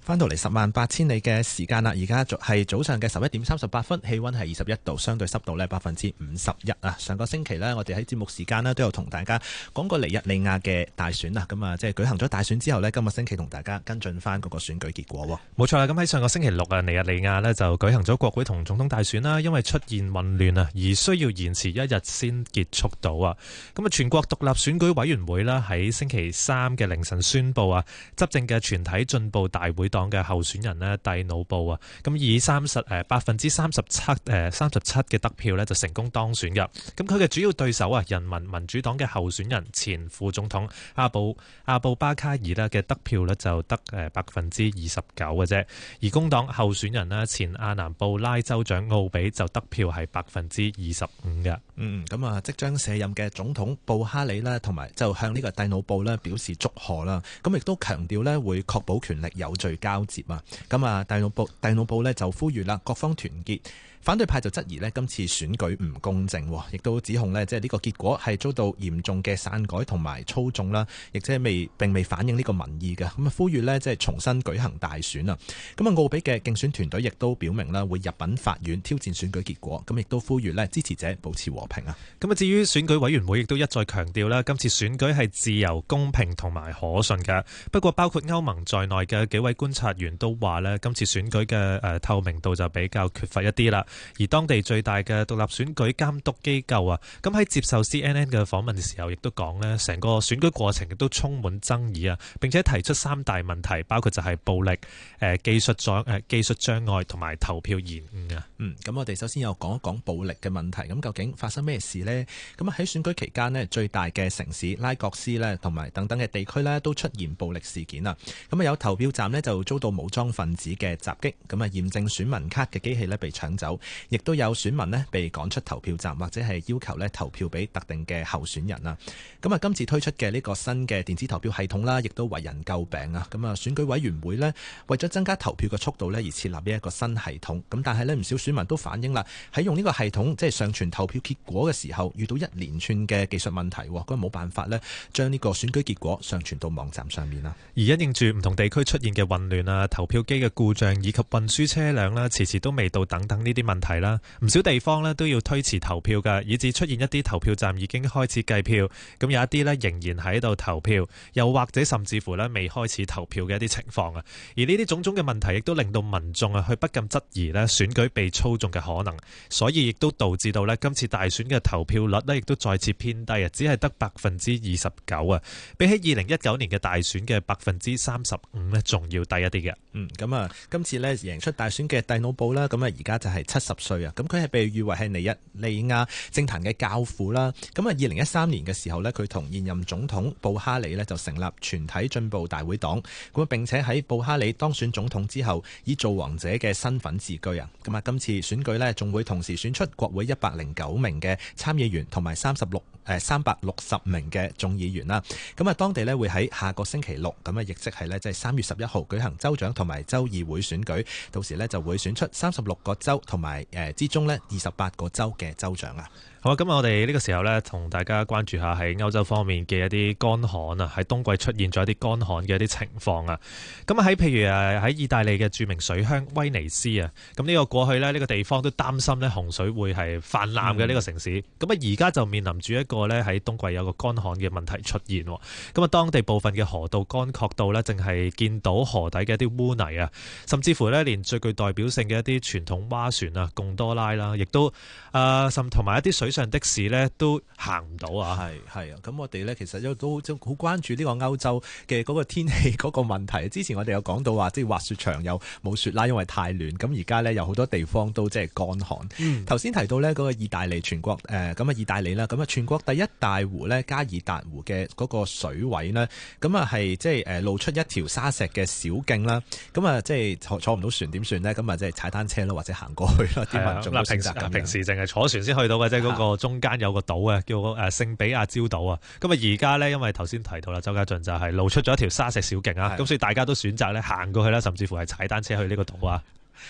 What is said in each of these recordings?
返到嚟十萬八千里嘅時間啦，而家係早上嘅十一點三十八分，氣溫係二十一度，相對濕度呢百分之五十一啊。上個星期呢，我哋喺節目時間呢都有同大家講過尼日利亞嘅大選啊，咁啊，即係舉行咗大選之後呢，今個星期同大家跟進返嗰個選舉結果喎。冇錯啦，咁喺上個星期六啊，尼日利亞呢就舉行咗國會同總統大選啦，因為出現混亂啊，而需要延遲一日先結束到啊。咁啊，全國獨立選舉委員會咧喺星期三嘅凌晨宣布啊，執政嘅全體進步大會黨嘅候選人呢，蒂努布啊，咁以三十誒百分之三十七誒三十七嘅得票呢，就成功當選噶咁佢嘅主要對手啊，人民民主黨嘅候選人，前副總統阿布阿布巴卡爾啦嘅得票呢，就得誒百分之二十九嘅啫。而工黨候選人呢，前阿南布拉州長奧比就得票係百分之二十五嘅。嗯，咁啊，即將卸任嘅總統布哈里呢，同埋就向呢個蒂努布呢表示祝賀啦。咁亦都強調呢，會確保權力有序交接啊，咁啊，第六部第六部咧就呼籲啦，各方團結。反對派就質疑呢今次選舉唔公正，亦都指控呢即係呢個結果係遭到嚴重嘅篡改同埋操縱啦，亦即係未並未反映呢個民意嘅，咁啊呼籲呢，即係重新舉行大選啊！咁啊，奧比嘅競選團隊亦都表明啦，會入禀法院挑戰選舉結果，咁亦都呼籲呢支持者保持和平啊！咁啊，至於選舉委員會亦都一再強調啦，今次選舉係自由、公平同埋可信嘅。不過，包括歐盟在內嘅幾位觀察員都話呢今次選舉嘅誒透明度就比較缺乏一啲啦。而當地最大嘅獨立選舉監督機構啊，咁喺接受 CNN 嘅訪問嘅時候，亦都講呢，成個選舉過程亦都充滿爭議啊。並且提出三大問題，包括就係暴力、誒、呃、技術、呃、障礙、誒技術障礙同埋投票延誤啊。嗯，咁我哋首先又講一講暴力嘅問題。咁究竟發生咩事呢？咁喺選舉期間呢，最大嘅城市拉各斯呢，同埋等等嘅地區呢，都出現暴力事件啊。咁啊有投票站呢，就遭到武裝分子嘅襲擊，咁啊驗證選民卡嘅機器呢，被搶走。亦都有選民被趕出投票站，或者係要求投票俾特定嘅候選人啊。咁啊，今次推出嘅呢個新嘅電子投票系統啦，亦都為人救病啊。咁啊，選舉委員會咧為咗增加投票嘅速度而設立呢一個新系統。咁但係咧，唔少選民都反映啦，喺用呢個系統即係上傳投票結果嘅時候，遇到一連串嘅技術問題，咁冇辦法咧將呢個選舉結果上傳到網站上面啦。而因應住唔同地區出現嘅混亂啊、投票機嘅故障以及運輸車輛咧遲遲都未到等等呢啲問題啦，唔少地方都要推遲投票噶，以致出現一啲投票站已經開始計票，咁有一啲咧仍然喺度投票，又或者甚至乎咧未開始投票嘅一啲情況啊。而呢啲種種嘅問題，亦都令到民眾啊，去不禁質疑咧選舉被操縱嘅可能，所以亦都導致到咧今次大選嘅投票率亦都再次偏低啊，只係得百分之二十九啊，比起二零一九年嘅大選嘅百分之三十五咧，仲要低一啲嘅。嗯，咁啊，今次咧贏出大選嘅蒂努布啦，咁啊而家就係七。十歲啊，咁佢係被譽為係尼日利亞政壇嘅教父啦。咁啊，二零一三年嘅時候呢，佢同現任總統布哈里呢就成立全體進步大會黨。咁啊，並且喺布哈里當選總統之後，以做王者嘅身份自居啊。咁啊，今次選舉呢，仲會同時選出國會一百零九名嘅參議員同埋三十六誒，三百六十名嘅眾議員啦。咁啊，當地呢會喺下個星期六，咁啊，亦即係呢，即係三月十一號舉行州長同埋州議會選舉，到時呢就會選出三十六個州同埋。係誒之中咧，二十八個州嘅州長啊。好啦，咁我哋呢個時候呢，同大家關注下喺歐洲方面嘅一啲乾旱啊，喺冬季出現咗一啲乾旱嘅一啲情況啊。咁喺譬如誒、啊、喺意大利嘅著名水鄉威尼斯啊，咁呢個過去呢，呢、這個地方都擔心呢洪水會係泛濫嘅呢個城市。咁、嗯、啊，而家就面臨住一個呢，喺冬季有個乾旱嘅問題出現。咁啊，當地部分嘅河道乾涸到呢，淨係見到河底嘅一啲污泥啊，甚至乎呢，連最具代表性嘅一啲傳統蛙船啊、貢多拉啦，亦都啊，都呃、甚至同埋一啲水。上的士咧都行唔到啊！係係啊，咁我哋咧其實都都好關注呢個歐洲嘅嗰個天氣嗰個問題。之前我哋有講到話，即、就、係、是、滑雪場又冇雪啦，因為太暖。咁而家咧有好多地方都即係乾旱。頭、嗯、先提到呢嗰個意大利全國咁啊、呃、意大利啦，咁啊全國第一大湖咧加爾達湖嘅嗰個水位呢，咁啊係即露出一條沙石嘅小徑啦。咁啊即係坐唔到船點算呢？咁啊即係踩單車啦或者行過去啦。啲人有選擇咁。平時淨係坐船先去到嘅啫。嗰、就是那個中間個中間有個島啊，叫誒聖比亞礁島啊。咁啊而家呢，因為頭先提到啦，周家俊就係露出咗一條沙石小徑啊。咁所以大家都選擇咧行過去啦，甚至乎係踩單車去呢個島啊。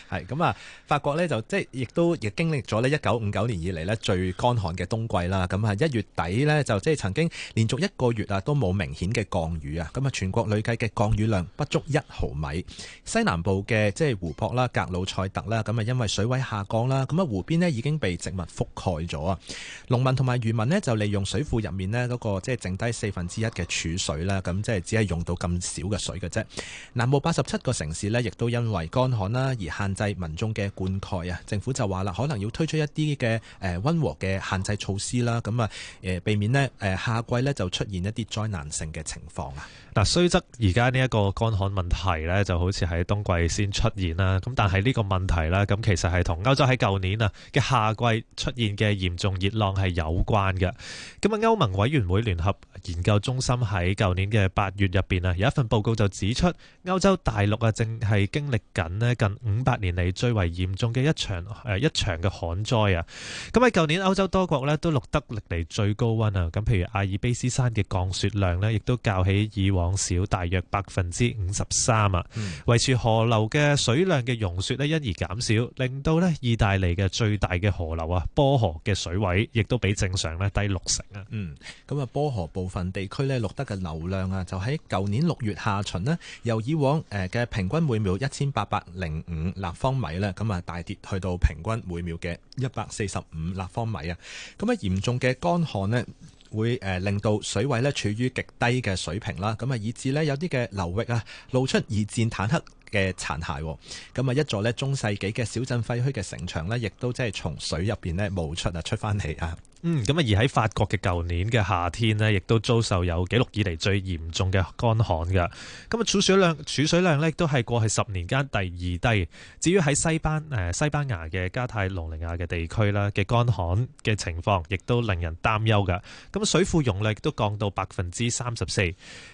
係咁啊！法國呢，就即係亦都亦經歷咗呢一九五九年以嚟呢最乾旱嘅冬季啦。咁啊，一月底呢，就即係曾經連續一個月啊都冇明顯嘅降雨啊。咁啊，全國累計嘅降雨量不足一毫米。西南部嘅即係湖泊啦，格魯塞特啦，咁啊因為水位下降啦，咁啊湖邊呢，已經被植物覆蓋咗啊。農民同埋漁民呢，就利用水庫入面呢嗰個即係剩低四分之一嘅儲水啦，咁即係只係用到咁少嘅水嘅啫。南部八十七個城市呢，亦都因為乾旱啦而限制民眾嘅灌溉啊！政府就話啦，可能要推出一啲嘅誒溫和嘅限制措施啦。咁啊誒，避免咧誒夏季咧就出現一啲災難性嘅情況啊！嗱，雖則而家呢一個乾旱問題咧，就好似喺冬季先出現啦。咁但係呢個問題啦，咁其實係同歐洲喺舊年啊嘅夏季出現嘅嚴重熱浪係有關嘅。咁啊，歐盟委員會聯合研究中心喺舊年嘅八月入邊啊，有一份報告就指出，歐洲大陸啊正係經歷緊咧近五。五百年嚟最為嚴重嘅一場誒一場嘅旱災啊！咁喺舊年歐洲多國呢都錄得歷嚟最高溫啊！咁譬如阿爾卑斯山嘅降雪量呢亦都較起以往少大約百分之五十三啊！維持河流嘅水量嘅融雪呢因而減少，令到呢意大利嘅最大嘅河流啊波河嘅水位亦都比正常呢低六成啊！嗯，咁啊波河部分地區呢錄得嘅流量啊，就喺舊年六月下旬呢由以往誒嘅平均每秒一千八百零五，立方米咧，咁啊大跌去到平均每秒嘅一百四十五立方米啊！咁啊，嚴重嘅乾旱呢，會誒令到水位咧處於極低嘅水平啦，咁啊以致呢，有啲嘅流域啊露出二戰坦克。嘅殘骸，咁啊一座呢中世紀嘅小鎮廢墟嘅城牆呢，亦都即係從水入面呢冒出啊出翻嚟啊！嗯，咁啊而喺法國嘅舊年嘅夏天呢，亦都遭受有紀錄以嚟最嚴重嘅乾旱嘅。咁啊儲水量儲水量呢都係過去十年間第二低。至於喺西班、呃、西班牙嘅加泰羅尼亞嘅地區啦嘅乾旱嘅情況，亦都令人擔憂嘅。咁水庫容量都降到百分之三十四。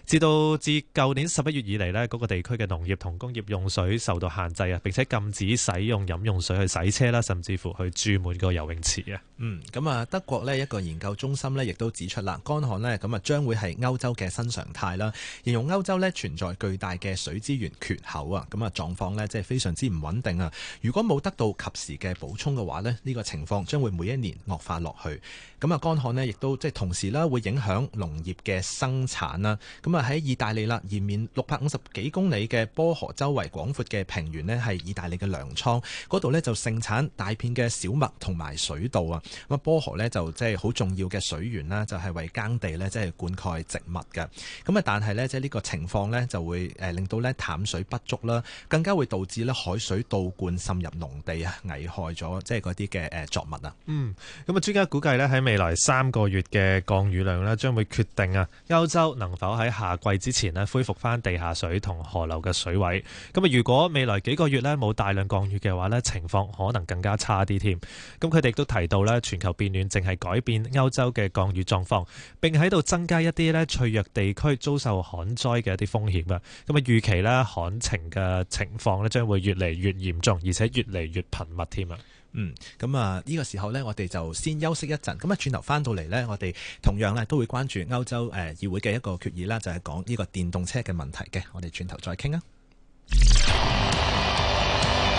至到至舊年十一月以嚟呢，嗰、那個地區嘅農業同工業用水受到限制啊，並且禁止使用飲用水去洗車啦，甚至乎去注滿個游泳池啊。嗯，咁啊，德國咧一個研究中心咧，亦都指出啦，乾旱咧咁啊，將會係歐洲嘅新常態啦。形容歐洲咧存在巨大嘅水資源缺口啊，咁啊狀況咧即係非常之唔穩定啊。如果冇得到及時嘅補充嘅話咧，呢、這個情況將會每一年惡化落去。咁啊，乾旱咧亦都即係同時啦，會影響農業嘅生產啦。咁啊喺意大利啦，延綿六百五十幾公里嘅波河州。為廣闊嘅平原呢係意大利嘅糧倉，嗰度呢就盛產大片嘅小麥同埋水稻啊！咁啊，波河呢，就即係好重要嘅水源啦，就係為耕地呢，即係灌溉植物嘅。咁啊，但係呢，即係呢個情況呢，就會誒令到呢淡水不足啦，更加會導致呢海水倒灌滲入農地啊，危害咗即係嗰啲嘅誒作物啊。嗯，咁啊，專家估計呢，喺未來三個月嘅降雨量呢，將會決定啊，歐洲能否喺夏季之前呢，恢復翻地下水同河流嘅水位。咁啊！如果未來幾個月咧冇大量降雨嘅話咧，情況可能更加差啲添。咁佢哋都提到咧，全球變暖淨係改變歐洲嘅降雨狀況，並喺度增加一啲咧脆弱地區遭受旱災嘅一啲風險啊。咁啊，預期咧旱情嘅情況咧將會越嚟越嚴重，而且越嚟越頻密添啊。嗯，咁啊，呢個時候呢，我哋就先休息一陣。咁啊，轉頭返到嚟呢，我哋同樣咧都會關注歐洲誒議會嘅一個決議啦，就係講呢個電動車嘅問題嘅。我哋轉頭再傾啊。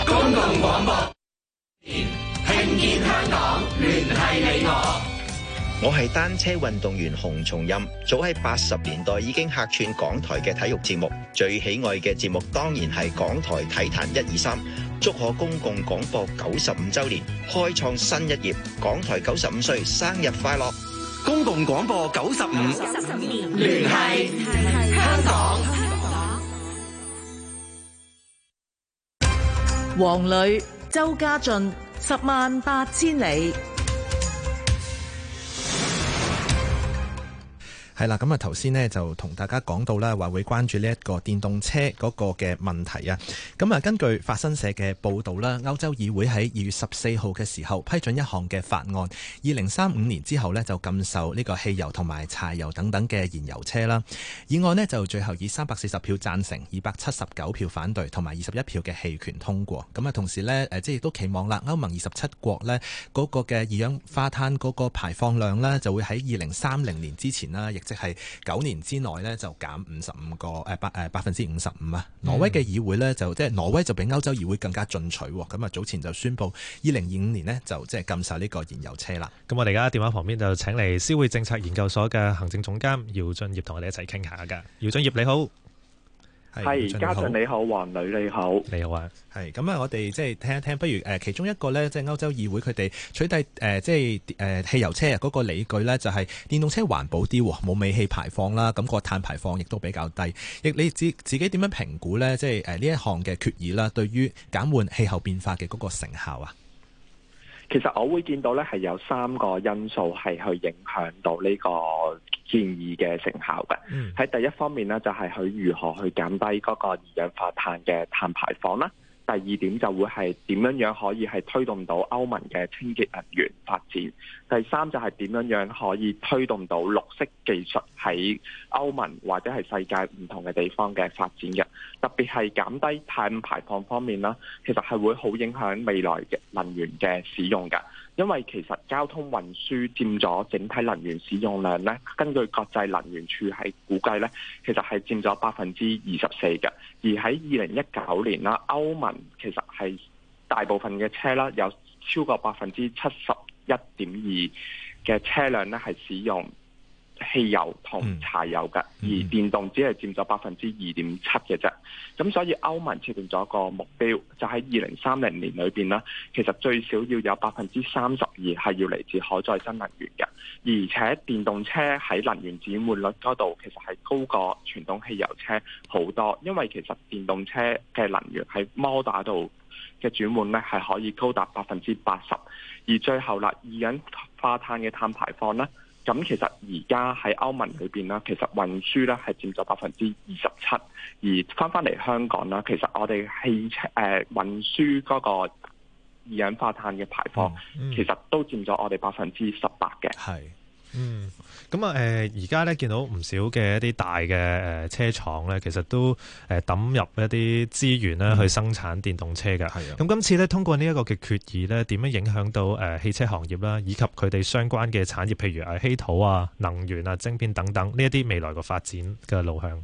公共廣播，聽見香港，聯繫你我。我係單車運動員洪松蔭，早喺八十年代已經客串港台嘅體育節目，最喜愛嘅節目當然係港台體壇一二三。祝賀公共廣播九十五周年，開創新一頁，港台九十五歲生日快樂！公共廣播九十五年，聯繫香港。黃磊、周家俊，十萬八千里。係啦，咁啊，頭先呢就同大家講到啦，話會關注呢一個電動車嗰個嘅問題啊。咁啊，根據法新社嘅報導啦，歐洲議會喺二月十四號嘅時候批准一項嘅法案，二零三五年之後呢就禁售呢個汽油同埋柴油等等嘅燃油車啦。議案呢就最後以三百四十票贊成，二百七十九票反對，同埋二十一票嘅棄權通過。咁啊，同時呢，即係都期望啦，歐盟二十七國呢嗰個嘅二氧化碳嗰個排放量呢就會喺二零三零年之前啦，亦～即係九年之內咧，就減五十五個誒百誒百分之五十五啊！挪威嘅議會咧就即係、就是、挪威就比歐洲議會更加進取，咁啊早前就宣布二零二五年呢，就即係禁售呢個燃油車啦。咁我哋而家電話旁邊就請嚟思匯政策研究所嘅行政總監姚俊業同我哋一齊傾下噶。姚俊業你好。係，家長你好，還女你好，你好啊，係咁啊！我哋即係聽一聽，不如誒，其中一個咧，即係歐洲議會佢哋取締誒、呃，即係誒、呃，汽油車嗰個理據咧，就係電動車環保啲，冇尾氣排放啦，咁個碳排放亦都比較低。亦你自自己點樣評估咧？即係誒，呢、呃、一項嘅決議啦，對於減緩氣候變化嘅嗰個成效啊？其實我會見到咧，係有三個因素係去影響到呢個建議嘅成效嘅。喺第一方面咧，就係佢如何去減低嗰個二氧化碳嘅碳排放啦。第二點就會係點樣樣可以係推動到歐盟嘅清潔能源發展；第三就係點樣樣可以推動到綠色技術喺歐盟或者係世界唔同嘅地方嘅發展嘅。特別係減低碳排放方面啦，其實係會好影響未來嘅能源嘅使用㗎，因為其實交通運輸佔咗整體能源使用量咧。根據國際能源署係估計呢，其實係佔咗百分之二十四嘅。而喺二零一九年啦，歐盟其實，係大部分嘅車啦，有超過百分之七十一點二嘅車輛咧，係使用。汽油同柴油嘅，而電動只係佔咗百分之二點七嘅啫。咁所以歐盟設定咗個目標，就喺二零三零年裡邊咧，其實最少要有百分之三十二係要嚟自可再生能源嘅。而且電動車喺能源轉換率嗰度，其實係高過傳統汽油車好多，因為其實電動車嘅能源喺摩打度嘅轉換呢，係可以高達百分之八十。而最後啦，二氧化碳嘅碳排放呢。咁其實而家喺歐盟裏邊啦，其實運輸咧係佔咗百分之二十七，而返返嚟香港啦，其實我哋汽車誒運輸嗰個二氧化碳嘅排放，其實都佔咗我哋百分之十八嘅。嗯嗯嗯，咁啊，誒，而家咧見到唔少嘅一啲大嘅誒車廠咧，其實都誒抌入一啲資源啦，去生產電動車嘅。係、嗯、啊，咁今次咧通過呢一個嘅決議咧，點樣影響到誒汽車行業啦，以及佢哋相關嘅產業，譬如係稀土啊、能源啊、晶片等等呢一啲未來嘅發展嘅路向。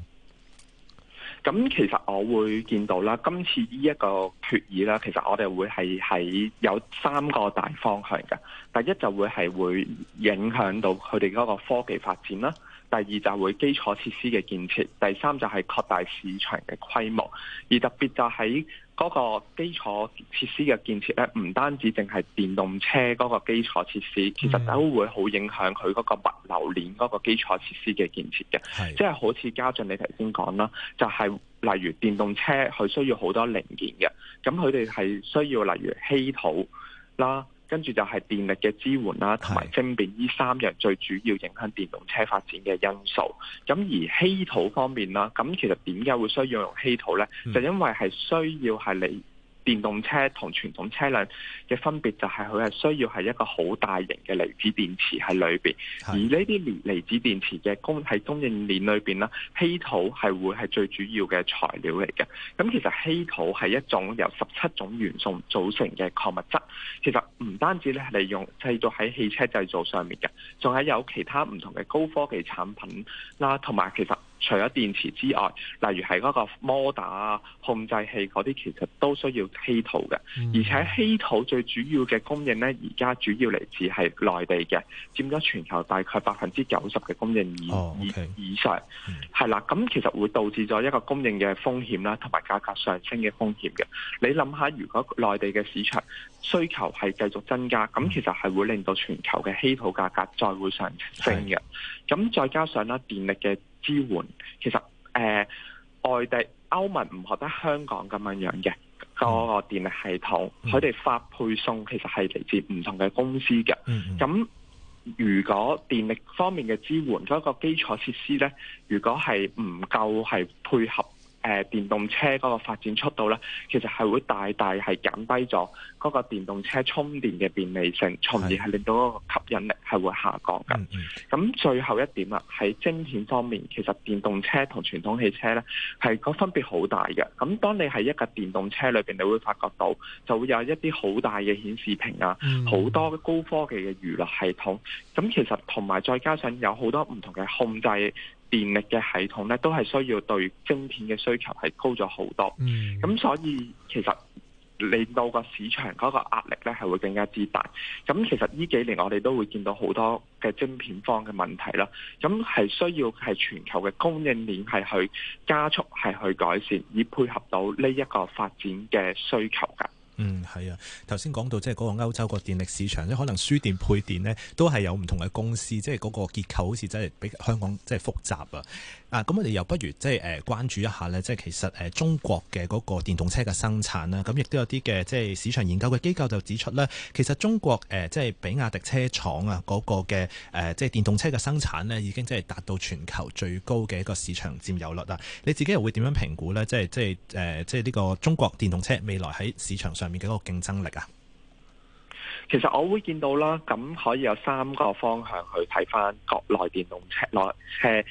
咁其實我會見到啦，今次呢一個決議啦，其實我哋會係喺有三個大方向嘅。第一就會係會影響到佢哋嗰個科技發展啦，第二就會基礎設施嘅建設，第三就係擴大市場嘅規模，而特別就係、是。嗰、那個基礎設施嘅建設咧，唔單止淨係電動車嗰個基礎設施，其實都會好影響佢嗰個物流鏈嗰個基礎設施嘅建設嘅。即係、就是、好似嘉俊你頭先講啦，就係、是、例如電動車佢需要好多零件嘅，咁佢哋係需要例如稀土啦。跟住就係電力嘅支援啦，同埋芯片，呢三樣最主要影響電動車發展嘅因素。咁而稀土方面啦，咁其實點解會需要用稀土咧？就因為係需要係你。電動車同傳統車輛嘅分別就係佢係需要係一個好大型嘅離子電池喺裏邊，而呢啲離離子電池嘅供喺供應鏈裏邊呢稀土係會係最主要嘅材料嚟嘅。咁其實稀土係一種由十七種元素組成嘅礦物質，其實唔單止咧係利用製作喺汽車製造上面嘅，仲係有其他唔同嘅高科技產品啦，同埋其實。除咗電池之外，例如係嗰個摩打啊、控制器嗰啲，其實都需要稀土嘅、嗯。而且稀土最主要嘅供應呢，而家主要嚟自係內地嘅，佔咗全球大概百分之九十嘅供應以、哦、okay, 以上。係、嗯、啦，咁其實會導致咗一個供應嘅風險啦，同埋價格上升嘅風險嘅。你諗下，如果內地嘅市場需求係繼續增加，咁、嗯、其實係會令到全球嘅稀土價格再會上升嘅。咁再加上啦，電力嘅。支援其實誒，外、呃、地歐盟唔學得香港咁樣樣嘅、嗰個電力系統，佢、mm-hmm. 哋發配送其實係嚟自唔同嘅公司嘅。咁、mm-hmm. 如果電力方面嘅支援嗰、嗰個基礎設施呢，如果係唔夠係配合。誒、呃、電動車嗰個發展速度咧，其實，係會大大係減低咗嗰個電動車充電嘅便利性，從而係令到嗰個吸引力係會下降噶。咁最後一點啊，喺晶片方面，其實電動車同傳統汽車咧係個分別好大嘅。咁當你係一架電動車裏邊，你會發覺到就會有一啲好大嘅顯示屏啊，好多高科技嘅娛樂系統，咁其實同埋再加上有好多唔同嘅控制。電力嘅系統咧，都係需要對晶片嘅需求係高咗好多，咁、嗯、所以其實令到個市場嗰個壓力咧係會更加之大。咁其實呢幾年我哋都會見到好多嘅晶片方嘅問題啦，咁係需要係全球嘅供應鏈係去加速係去改善，以配合到呢一個發展嘅需求噶。嗯，係啊，頭先講到即係嗰個歐洲個電力市場，即可能輸電配電咧都係有唔同嘅公司，即係嗰個結構好似真係比香港即係複雜啊。啊，咁我哋又不如即係誒關注一下呢，即係其實中國嘅嗰個電動車嘅生產啦，咁亦都有啲嘅即係市場研究嘅機構就指出呢，其實中國即係比亞迪車廠啊嗰個嘅即係電動車嘅生產呢，已經即係達到全球最高嘅一個市場佔有率啦。你自己又會點樣評估呢？即係即係即係呢個中國電動車未來喺市場上面嘅嗰個競爭力啊？其實我會見到啦，咁可以有三個方向去睇返國內電動車內車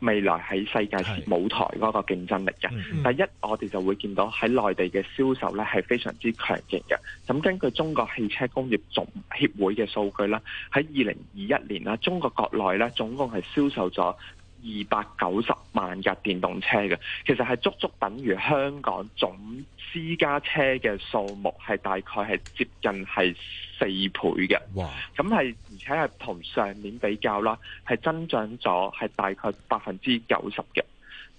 未來喺世界舞台嗰個競爭力嘅，第一我哋就會見到喺內地嘅銷售咧係非常之強勁嘅。咁根據中國汽車工業總協會嘅數據啦，喺二零二一年啦，中國國內咧總共係銷售咗二百九十萬架電動車嘅，其實係足足等於香港總私家車嘅數目，係大概係接近係四倍嘅。哇！咁係而且係同上年比較啦，係增長咗係大概百分之九十嘅。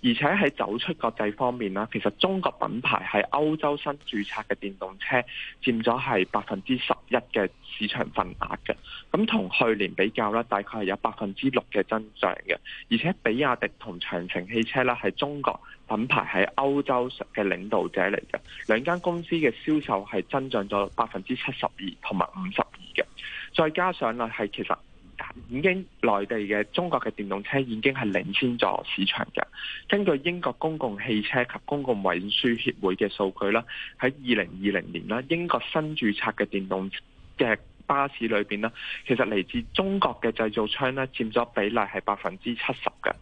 而且喺走出國際方面啦，其實中國品牌喺歐洲新註冊嘅電動車佔咗係百分之十一嘅市場份額嘅。咁同去年比較啦，大概係有百分之六嘅增長嘅。而且比亞迪同長城汽車啦，係中國品牌喺歐洲嘅領導者嚟嘅。兩間公司嘅銷售係增長咗百分之七十二同埋五十二嘅。再加上啦，係其實。已經，內地嘅中國嘅電動車已經係領先咗市場嘅。根據英國公共汽車及公共運輸協會嘅數據啦，喺二零二零年啦，英國新註冊嘅電動嘅巴士裏邊呢，其實嚟自中國嘅製造商啦，佔咗比例係百分之七十嘅。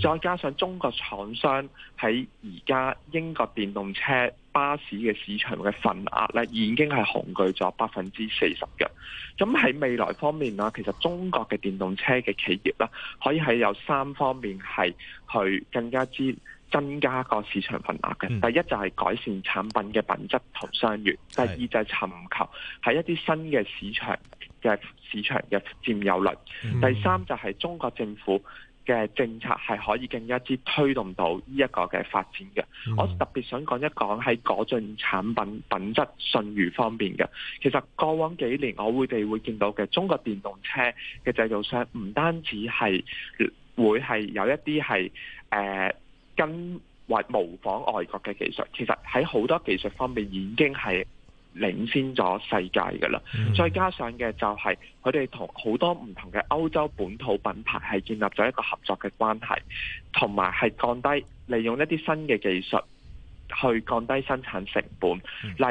再加上中國廠商喺而家英國電動車巴士嘅市場嘅份額咧，已經係雄踞咗百分之四十嘅。咁喺未來方面啦，其實中國嘅電動車嘅企業啦，可以係有三方面係去更加之增加個市場份額嘅。第一就係改善產品嘅品質同商譽；第二就係尋求喺一啲新嘅市場嘅市場嘅佔有率；第三就係中國政府。嘅政策係可以更加之推動到呢一個嘅發展嘅。嗯，我特別想講一講，喺改進產品品質信譽方面嘅。其實過往幾年我會哋會見到嘅中國電動車嘅製造商唔單止係會係有一啲係誒跟或模仿外國嘅技術，其實喺好多技術方面已經係。領先咗世界㗎喇，再加上嘅就係佢哋同好多唔同嘅歐洲本土品牌係建立咗一個合作嘅關係，同埋係降低利用一啲新嘅技術去降低生產成本，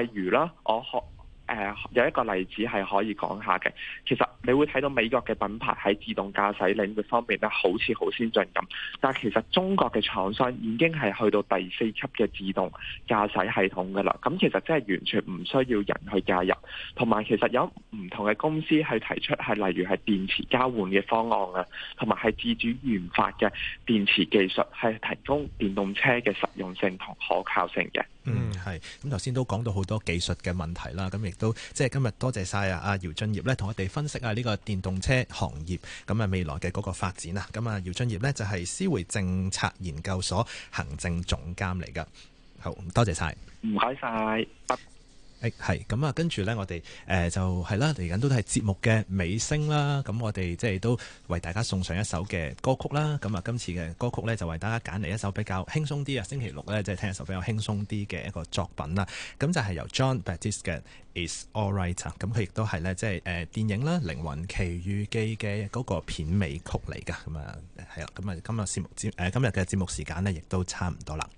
例如啦，我學誒、呃、有一個例子係可以講下嘅，其實你會睇到美國嘅品牌喺自動駕駛領域方面咧，好似好先進咁，但係其實中國嘅廠商已經係去到第四級嘅自動駕駛系統噶啦。咁其實真係完全唔需要人去介入。同埋其實有唔同嘅公司係提出係例如係電池交換嘅方案啊，同埋係自主研發嘅電池技術，係提供電動車嘅實用性同可靠性嘅。嗯，係咁，頭先都講到好多技術嘅問題啦，咁亦～都即係今日多謝晒啊！阿姚俊業咧同我哋分析下呢個電動車行業咁啊未來嘅嗰個發展啊！咁啊姚俊業呢就係思匯政策研究所行政總監嚟㗎。好多謝晒，唔該晒。誒咁啊，跟住咧，哎、是我哋就係啦，嚟緊都係節目嘅尾聲啦。咁我哋即係都為大家送上一首嘅歌曲啦。咁啊，今次嘅歌曲咧就為大家揀嚟一首比較輕鬆啲啊，星期六咧即係聽一首比較輕鬆啲嘅一個作品啦。咁就係由 Jon Batiste 嘅 It's All Right。咁佢亦都係咧，即係誒電影啦《靈魂奇遇記》嘅嗰個片尾曲嚟㗎。咁、嗯、啊，係、嗯、啊，咁、嗯、啊，今日節目、呃、今日嘅節目時間咧亦都差唔多啦。